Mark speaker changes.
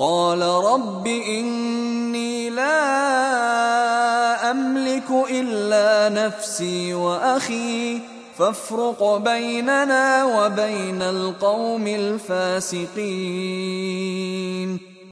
Speaker 1: قال رب إني لا أملك إلا نفسي وأخي فافرق بيننا وبين القوم الفاسقين